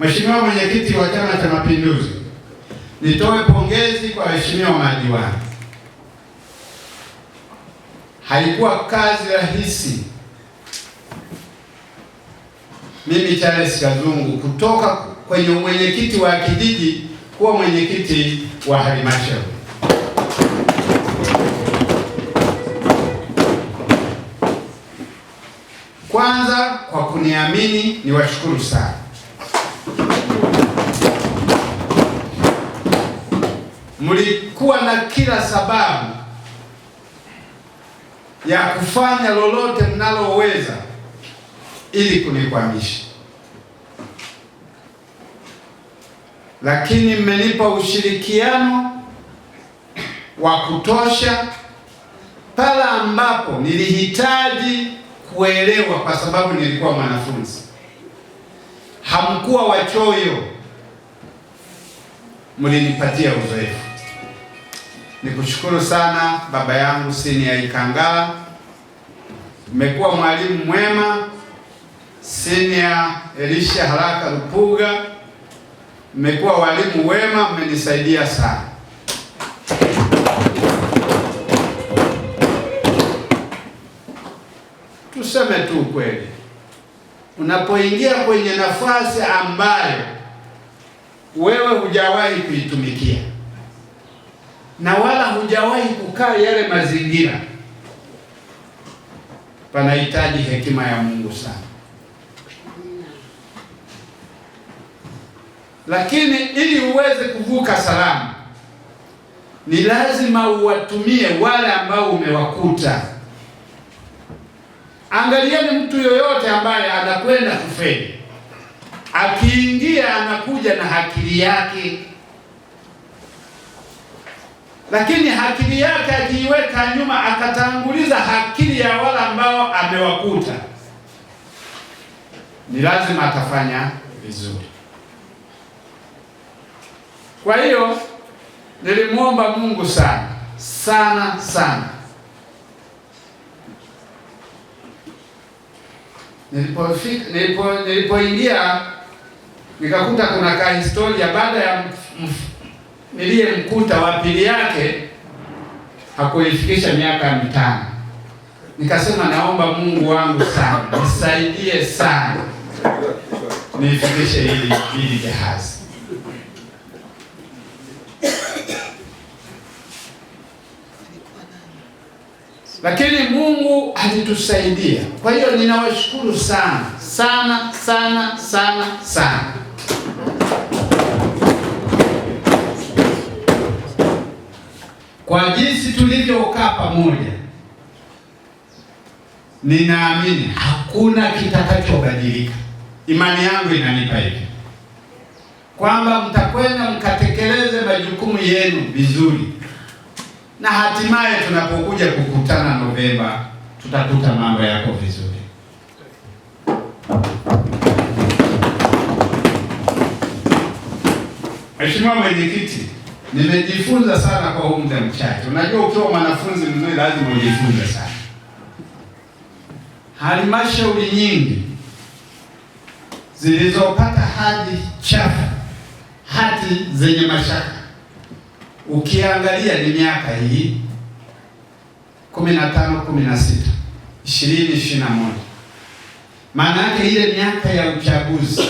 Mheshimiwa mwenyekiti wa Chama cha Mapinduzi, nitoe pongezi kwa waheshimiwa madiwani. Haikuwa kazi rahisi mimi Charles Kazungu kutoka kwenye mwenyekiti wa kijiji kuwa mwenyekiti wa halmashauri. Kwanza kwa kuniamini, niwashukuru sana mlikuwa na kila sababu ya kufanya lolote mnaloweza ili kunikwamisha, lakini mmenipa ushirikiano wa kutosha pale ambapo nilihitaji kuelewa, kwa sababu nilikuwa mwanafunzi. Hamkuwa wachoyo, mlinipatia uzoefu. Nikushukuru sana baba yangu ya Ikangala, mmekuwa mwalimu mwema. sinia Elisha Haraka Lupuga, mmekuwa walimu wema, mmenisaidia sana. Tuseme tu ukweli, unapoingia kwenye nafasi ambayo wewe hujawahi kuitumikia na wala hujawahi kukaa yale mazingira, panahitaji hekima ya Mungu sana. Lakini ili uweze kuvuka salama, ni lazima uwatumie wale ambao umewakuta. Angalieni mtu yoyote ambaye anakwenda kufeli, akiingia anakuja na akili yake lakini akili yake ajiiweka nyuma, akatanguliza akili ya wale ambao amewakuta, ni lazima atafanya vizuri. Kwa hiyo nilimwomba Mungu sana sana sana nilipofika nilipo nilipoingia nikakuta kuna kahistoria baada ya mf, mf, niliyemkuta wa pili yake hakuifikisha miaka mitano. Nikasema, naomba Mungu wangu sana nisaidie sana niifikishe hili hili jahazi. Lakini Mungu alitusaidia. Kwa hiyo ninawashukuru sana sana sana sana sana. Kwa jinsi tulivyokaa pamoja, ninaamini hakuna kitakachobadilika. Imani yangu inanipa hivi kwamba mtakwenda mkatekeleze majukumu yenu vizuri, na hatimaye tunapokuja kukutana Novemba, tutakuta mambo yako vizuri. Mheshimiwa Mwenyekiti, nimejifunza sana kwa huu muda mchache. Unajua, ukiwa mwanafunzi mzuri lazima ujifunze sana. Halmashauri nyingi zilizopata hadi chafu, hati zenye mashaka, ukiangalia ni miaka hii kumi na tano, kumi na sita, ishirini, ishirini na moja. Maana yake ile miaka ya uchaguzi